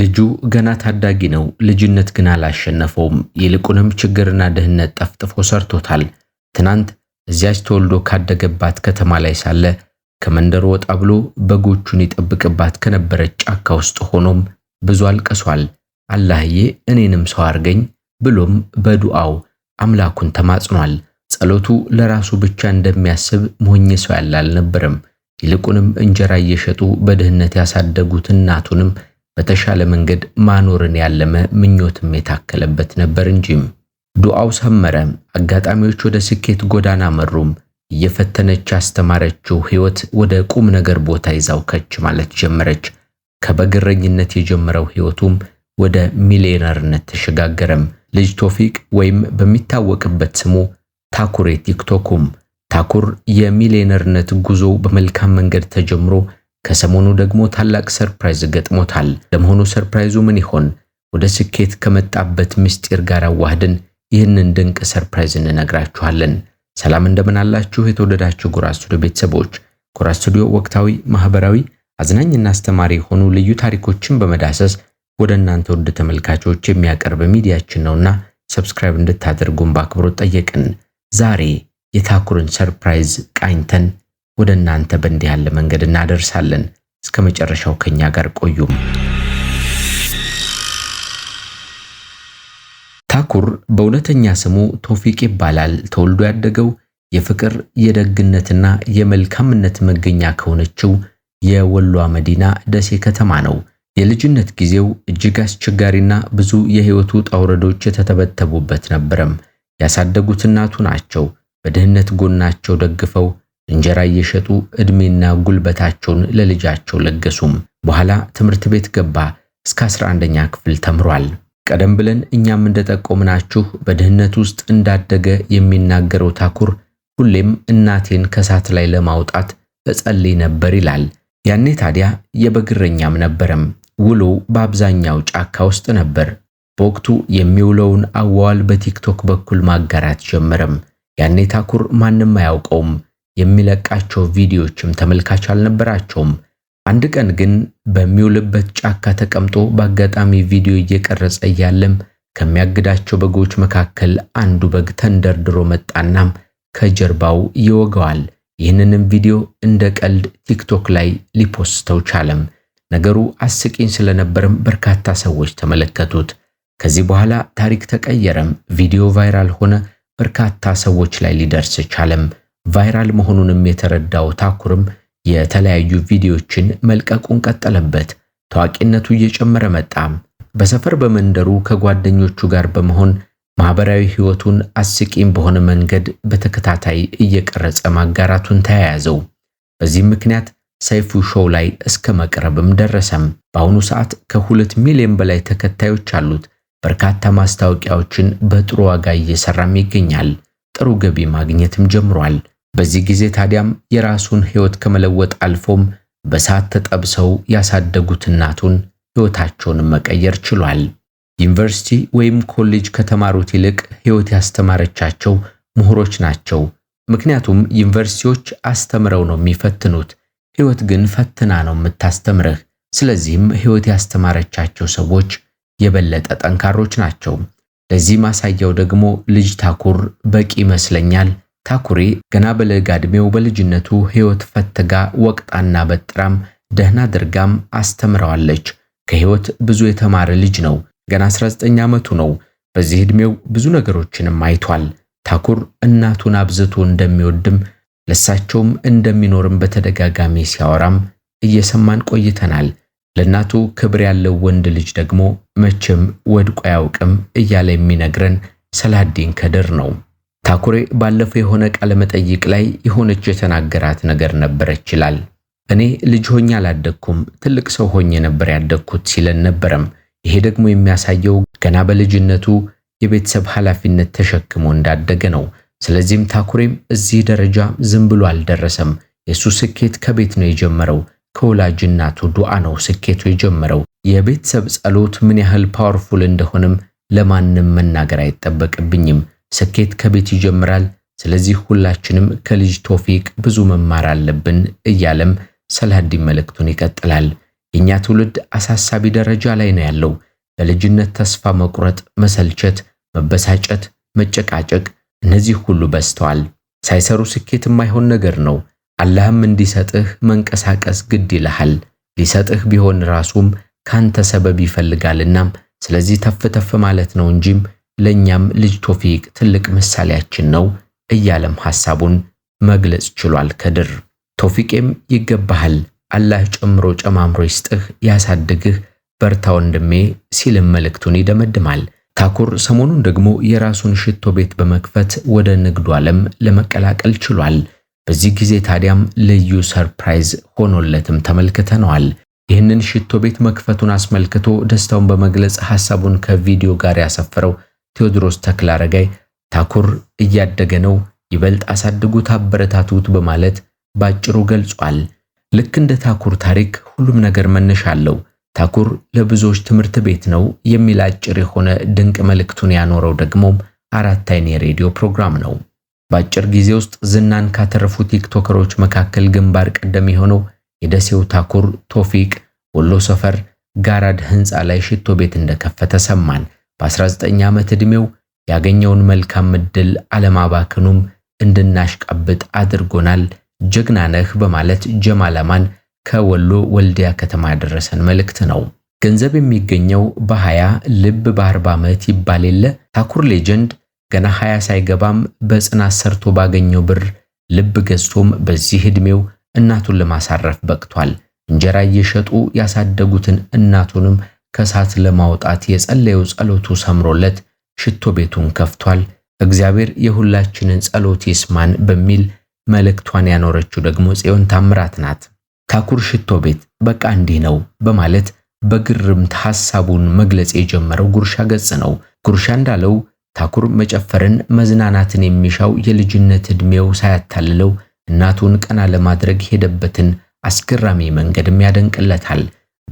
ልጁ ገና ታዳጊ ነው። ልጅነት ግን አላሸነፈውም። ይልቁንም ችግርና ድህነት ጠፍጥፎ ሰርቶታል። ትናንት እዚያች ተወልዶ ካደገባት ከተማ ላይ ሳለ ከመንደሩ ወጣ ብሎ በጎቹን ይጠብቅባት ከነበረች ጫካ ውስጥ ሆኖም ብዙ አልቅሷል። አላህዬ እኔንም ሰው አርገኝ ብሎም በዱዓው አምላኩን ተማጽኗል። ጸሎቱ ለራሱ ብቻ እንደሚያስብ ሞኝ ሰው ያለ አልነበረም። ይልቁንም እንጀራ እየሸጡ በድህነት ያሳደጉት እናቱንም በተሻለ መንገድ ማኖርን ያለመ ምኞትም የታከለበት ነበር እንጂም። ዱዓው ሰመረ። አጋጣሚዎች ወደ ስኬት ጎዳና መሩም። እየፈተነች ያስተማረችው ህይወት ወደ ቁም ነገር ቦታ ይዛው ከች ማለት ጀመረች። ከበግረኝነት የጀመረው ህይወቱም ወደ ሚሊዮነርነት ተሸጋገረም። ልጅ ቶፊቅ ወይም በሚታወቅበት ስሙ ታኩር የቲክቶኩም ታኩር የሚሊዮነርነት ጉዞ በመልካም መንገድ ተጀምሮ ከሰሞኑ ደግሞ ታላቅ ሰርፕራይዝ ገጥሞታል። ለመሆኑ ሰርፕራይዙ ምን ይሆን? ወደ ስኬት ከመጣበት ምስጢር ጋር አዋህደን ይህንን ድንቅ ሰርፕራይዝ እንነግራችኋለን። ሰላም እንደምን አላችሁ የተወደዳችሁ ጎራ ስቱዲዮ ቤተሰቦች። ጎራ ስቱዲዮ ወቅታዊ፣ ማህበራዊ፣ አዝናኝና አስተማሪ የሆኑ ልዩ ታሪኮችን በመዳሰስ ወደ እናንተ ውድ ተመልካቾች የሚያቀርብ ሚዲያችን ነውና ሰብስክራይብ እንድታደርጉን በአክብሮት ጠየቅን። ዛሬ የታኩርን ሰርፕራይዝ ቃኝተን ወደ እናንተ በእንዲህ ያለ መንገድ እናደርሳለን። እስከ መጨረሻው ከኛ ጋር ቆዩም። ታኩር በእውነተኛ ስሙ ቶፊቅ ይባላል። ተወልዶ ያደገው የፍቅር የደግነትና የመልካምነት መገኛ ከሆነችው የወሏ መዲና ደሴ ከተማ ነው። የልጅነት ጊዜው እጅግ አስቸጋሪና ብዙ የህይወቱ ጣውረዶች የተተበተቡበት ነበረም። ያሳደጉት እናቱ ናቸው። በድህነት ጎናቸው ደግፈው እንጀራ እየሸጡ ዕድሜና ጉልበታቸውን ለልጃቸው ለገሱም። በኋላ ትምህርት ቤት ገባ። እስከ 11ኛ ክፍል ተምሯል። ቀደም ብለን እኛም እንደጠቆምናችሁ በድህነት ውስጥ እንዳደገ የሚናገረው ታኩር ሁሌም እናቴን ከእሳት ላይ ለማውጣት እጸልይ ነበር ይላል። ያኔ ታዲያ የበግረኛም ነበረም። ውሉ በአብዛኛው ጫካ ውስጥ ነበር። በወቅቱ የሚውለውን አዋዋል በቲክቶክ በኩል ማጋራት ጀመረም። ያኔ ታኩር ማንም አያውቀውም። የሚለቃቸው ቪዲዮዎችም ተመልካች አልነበራቸውም። አንድ ቀን ግን በሚውልበት ጫካ ተቀምጦ በአጋጣሚ ቪዲዮ እየቀረጸ እያለም ከሚያግዳቸው በጎች መካከል አንዱ በግ ተንደርድሮ መጣናም ከጀርባው ይወገዋል። ይህንንም ቪዲዮ እንደ ቀልድ ቲክቶክ ላይ ሊፖስተው ቻለም። ነገሩ አስቂኝ ስለነበርም በርካታ ሰዎች ተመለከቱት። ከዚህ በኋላ ታሪክ ተቀየረም። ቪዲዮ ቫይራል ሆነ፣ በርካታ ሰዎች ላይ ሊደርስ ቻለም። ቫይራል መሆኑንም የተረዳው ታኩርም የተለያዩ ቪዲዮችን መልቀቁን ቀጠለበት። ታዋቂነቱ እየጨመረ መጣ። በሰፈር በመንደሩ ከጓደኞቹ ጋር በመሆን ማህበራዊ ህይወቱን አስቂም በሆነ መንገድ በተከታታይ እየቀረጸ ማጋራቱን ተያያዘው። በዚህም ምክንያት ሰይፉ ሾው ላይ እስከ መቅረብም ደረሰም። በአሁኑ ሰዓት ከሁለት ሚሊዮን በላይ ተከታዮች አሉት። በርካታ ማስታወቂያዎችን በጥሩ ዋጋ እየሰራም ይገኛል። ጥሩ ገቢ ማግኘትም ጀምሯል። በዚህ ጊዜ ታዲያም የራሱን ሕይወት ከመለወጥ አልፎም በሳት ተጠብሰው ያሳደጉት እናቱን ህይወታቸውን መቀየር ችሏል። ዩኒቨርሲቲ ወይም ኮሌጅ ከተማሩት ይልቅ ሕይወት ያስተማረቻቸው ምሁሮች ናቸው። ምክንያቱም ዩኒቨርሲቲዎች አስተምረው ነው የሚፈትኑት፣ ሕይወት ግን ፈትና ነው የምታስተምርህ። ስለዚህም ሕይወት ያስተማረቻቸው ሰዎች የበለጠ ጠንካሮች ናቸው። ለዚህ ማሳያው ደግሞ ልጅ ታኩር በቂ ይመስለኛል። ታኩሬ ገና በለጋ ዕድሜው በልጅነቱ ሕይወት ፈትጋ ወቅጣና በጥራም ደህና አድርጋም አስተምረዋለች። ከሕይወት ብዙ የተማረ ልጅ ነው። ገና 19 ዓመቱ ነው። በዚህ ዕድሜው ብዙ ነገሮችንም አይቷል። ታኩር እናቱን አብዝቶ እንደሚወድም ለሳቸውም እንደሚኖርም በተደጋጋሚ ሲያወራም እየሰማን ቆይተናል። ለእናቱ ክብር ያለው ወንድ ልጅ ደግሞ መቼም ወድቆ አያውቅም እያለ የሚነግረን ሰላዲን ከድር ነው። ታኩሬ ባለፈው የሆነ ቃለ መጠይቅ ላይ የሆነች የተናገራት ነገር ነበር ይችላል። እኔ ልጅ ሆኜ አላደግኩም ትልቅ ሰው ሆኜ ነበር ያደግኩት ሲለን ነበረም። ይሄ ደግሞ የሚያሳየው ገና በልጅነቱ የቤተሰብ ኃላፊነት ተሸክሞ እንዳደገ ነው። ስለዚህም ታኩሬም እዚህ ደረጃ ዝም ብሎ አልደረሰም። የሱ ስኬት ከቤት ነው የጀመረው። ከወላጅ እናቱ ዱዓ ነው ስኬቱ የጀመረው። የቤተሰብ ጸሎት ምን ያህል ፓወርፉል እንደሆነም ለማንም መናገር አይጠበቅብኝም። ስኬት ከቤት ይጀምራል። ስለዚህ ሁላችንም ከልጅ ቶፊቅ ብዙ መማር አለብን እያለም ሰላሀዲን መልእክቱን ይቀጥላል። የእኛ ትውልድ አሳሳቢ ደረጃ ላይ ነው ያለው። በልጅነት ተስፋ መቁረጥ፣ መሰልቸት፣ መበሳጨት፣ መጨቃጨቅ እነዚህ ሁሉ በዝተዋል። ሳይሰሩ ስኬት የማይሆን ነገር ነው። አላህም እንዲሰጥህ መንቀሳቀስ ግድ ይልሃል። ሊሰጥህ ቢሆን ራሱም ካንተ ሰበብ ይፈልጋልና ስለዚህ ተፍ ተፍ ማለት ነው እንጂም ለእኛም ልጅ ቶፊቅ ትልቅ ምሳሌያችን ነው እያለም ሐሳቡን መግለጽ ችሏል። ከድር ቶፊቄም ይገባሃል፣ አላህ ጨምሮ ጨማምሮ ይስጥህ፣ ያሳድግህ፣ በርታ ወንድሜ ሲልም መልእክቱን ይደመድማል። ታኩር ሰሞኑን ደግሞ የራሱን ሽቶ ቤት በመክፈት ወደ ንግዱ ዓለም ለመቀላቀል ችሏል። በዚህ ጊዜ ታዲያም ልዩ ሰርፕራይዝ ሆኖለትም ተመልክተነዋል። ይህንን ሽቶ ቤት መክፈቱን አስመልክቶ ደስታውን በመግለጽ ሐሳቡን ከቪዲዮ ጋር ያሰፈረው ቴዎድሮስ ተክለ አረጋይ ታኩር እያደገ ነው፣ ይበልጥ አሳድጉት፣ አበረታቱት በማለት ባጭሩ ገልጿል። ልክ እንደ ታኩር ታሪክ ሁሉም ነገር መነሻ አለው። ታኩር ለብዙዎች ትምህርት ቤት ነው የሚል አጭር የሆነ ድንቅ መልእክቱን ያኖረው ደግሞ አራት አይን የሬዲዮ ፕሮግራም ነው። በአጭር ጊዜ ውስጥ ዝናን ካተረፉ ቲክቶከሮች መካከል ግንባር ቀደም የሆነው የደሴው ታኩር ቶፊቅ ወሎ ሰፈር ጋራድ ህንፃ ላይ ሽቶ ቤት እንደከፈተ ሰማን። በ19 ዓመት ዕድሜው ያገኘውን መልካም ምድል አለማባከኑም እንድናሽቀብጥ አድርጎናል። ጀግና ነህ በማለት ጀማለማን ከወሎ ወልዲያ ከተማ ያደረሰን መልእክት ነው። ገንዘብ የሚገኘው በሀያ ልብ በአርባ ዓመት ይባል የለ ታኩር ሌጀንድ ገና ሀያ ሳይገባም በጽናት ሰርቶ ባገኘው ብር ልብ ገዝቶም በዚህ ዕድሜው እናቱን ለማሳረፍ በቅቷል። እንጀራ እየሸጡ ያሳደጉትን እናቱንም ከእሳት ለማውጣት የጸለየው ጸሎቱ ሰምሮለት ሽቶ ቤቱን ከፍቷል። እግዚአብሔር የሁላችንን ጸሎት ይስማን በሚል መልእክቷን ያኖረችው ደግሞ ጽዮን ታምራት ናት። ታኩር ሽቶ ቤት በቃ እንዲህ ነው በማለት በግርምት ሐሳቡን መግለጽ የጀመረው ጉርሻ ገጽ ነው። ጉርሻ እንዳለው ታኩር መጨፈርን፣ መዝናናትን የሚሻው የልጅነት ዕድሜው ሳያታልለው እናቱን ቀና ለማድረግ ሄደበትን አስገራሚ መንገድም ያደንቅለታል።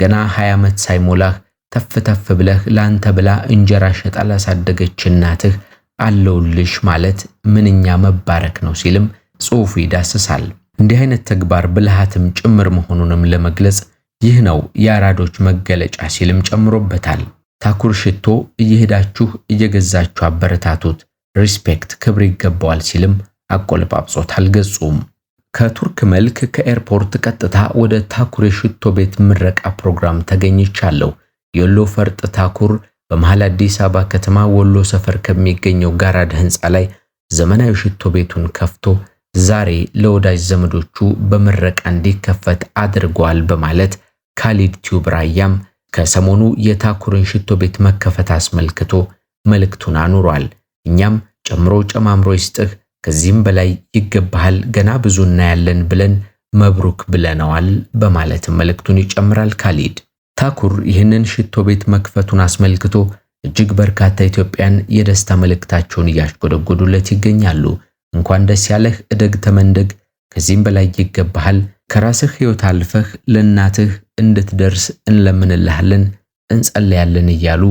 ገና 20 ዓመት ሳይሞላህ ተፍ ተፍ ብለህ ላንተ ብላ እንጀራ ሸጣ ላሳደገች እናትህ አለውልሽ ማለት ምንኛ መባረክ ነው ሲልም ጽሑፉ ይዳስሳል። እንዲህ አይነት ተግባር ብልሃትም ጭምር መሆኑንም ለመግለጽ ይህ ነው የአራዶች መገለጫ ሲልም ጨምሮበታል። ታኩር ሽቶ እየሄዳችሁ እየገዛችሁ አበረታቱት፣ ሪስፔክት ክብር ይገባዋል ሲልም አቆለጳጵጾታል ገጹም። ከቱርክ መልክ ከኤርፖርት ቀጥታ ወደ ታኩር የሽቶ ቤት ምረቃ ፕሮግራም ተገኝቻለሁ። የወሎ ፈርጥ ታኩር በመሃል አዲስ አበባ ከተማ ወሎ ሰፈር ከሚገኘው ጋራድ ህንፃ ላይ ዘመናዊ ሽቶ ቤቱን ከፍቶ ዛሬ ለወዳጅ ዘመዶቹ በምረቃ እንዲከፈት አድርጓል በማለት ካሊድ ቲዩብ ራያም ከሰሞኑ የታኩርን ሽቶ ቤት መከፈት አስመልክቶ መልእክቱን አኑሯል። እኛም ጨምሮ ጨማምሮ ይስጥህ፣ ከዚህም በላይ ይገባሃል፣ ገና ብዙ እናያለን ብለን መብሩክ ብለነዋል በማለት መልእክቱን ይጨምራል ካሊድ። ታኩር ይህንን ሽቶ ቤት መክፈቱን አስመልክቶ እጅግ በርካታ ኢትዮጵያን የደስታ መልእክታቸውን እያሽጎደጎዱለት ይገኛሉ። እንኳን ደስ ያለህ፣ እደግ፣ ተመንደግ፣ ከዚህም በላይ ይገባሃል። ከራስህ ሕይወት አልፈህ ለእናትህ እንድትደርስ እንለምንልሃለን፣ እንጸለያለን እያሉ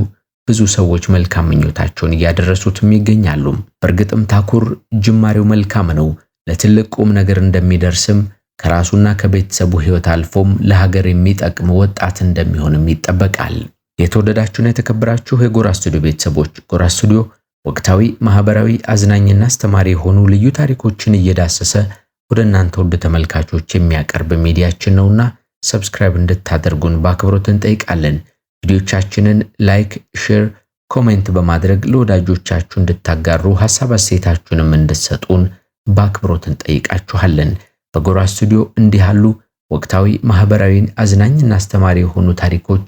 ብዙ ሰዎች መልካም ምኞታቸውን እያደረሱትም ይገኛሉ። በእርግጥም ታኩር ጅማሬው መልካም ነው። ለትልቅ ቁም ነገር እንደሚደርስም ከራሱና ከቤተሰቡ ሕይወት አልፎም ለሀገር የሚጠቅም ወጣት እንደሚሆንም ይጠበቃል። የተወደዳችሁና የተከበራችሁ የጎራ ስቱዲዮ ቤተሰቦች ጎራ ስቱዲዮ ወቅታዊ፣ ማህበራዊ፣ አዝናኝና አስተማሪ የሆኑ ልዩ ታሪኮችን እየዳሰሰ ወደ እናንተ ውድ ተመልካቾች የሚያቀርብ ሚዲያችን ነውና ሰብስክራይብ እንድታደርጉን በአክብሮት እንጠይቃለን። ቪዲዮቻችንን ላይክ፣ ሼር፣ ኮሜንት በማድረግ ለወዳጆቻችሁ እንድታጋሩ ሀሳብ አስተያየታችሁንም እንድትሰጡን በአክብሮት እንጠይቃችኋለን። በጎራ ስቱዲዮ እንዲህ ያሉ ወቅታዊ ማህበራዊ፣ አዝናኝና አስተማሪ የሆኑ ታሪኮች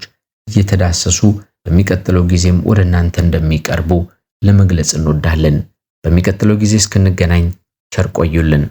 እየተዳሰሱ በሚቀጥለው ጊዜም ወደ እናንተ እንደሚቀርቡ ለመግለጽ እንወዳለን። በሚቀጥለው ጊዜ እስክንገናኝ ቸር ቆዩልን።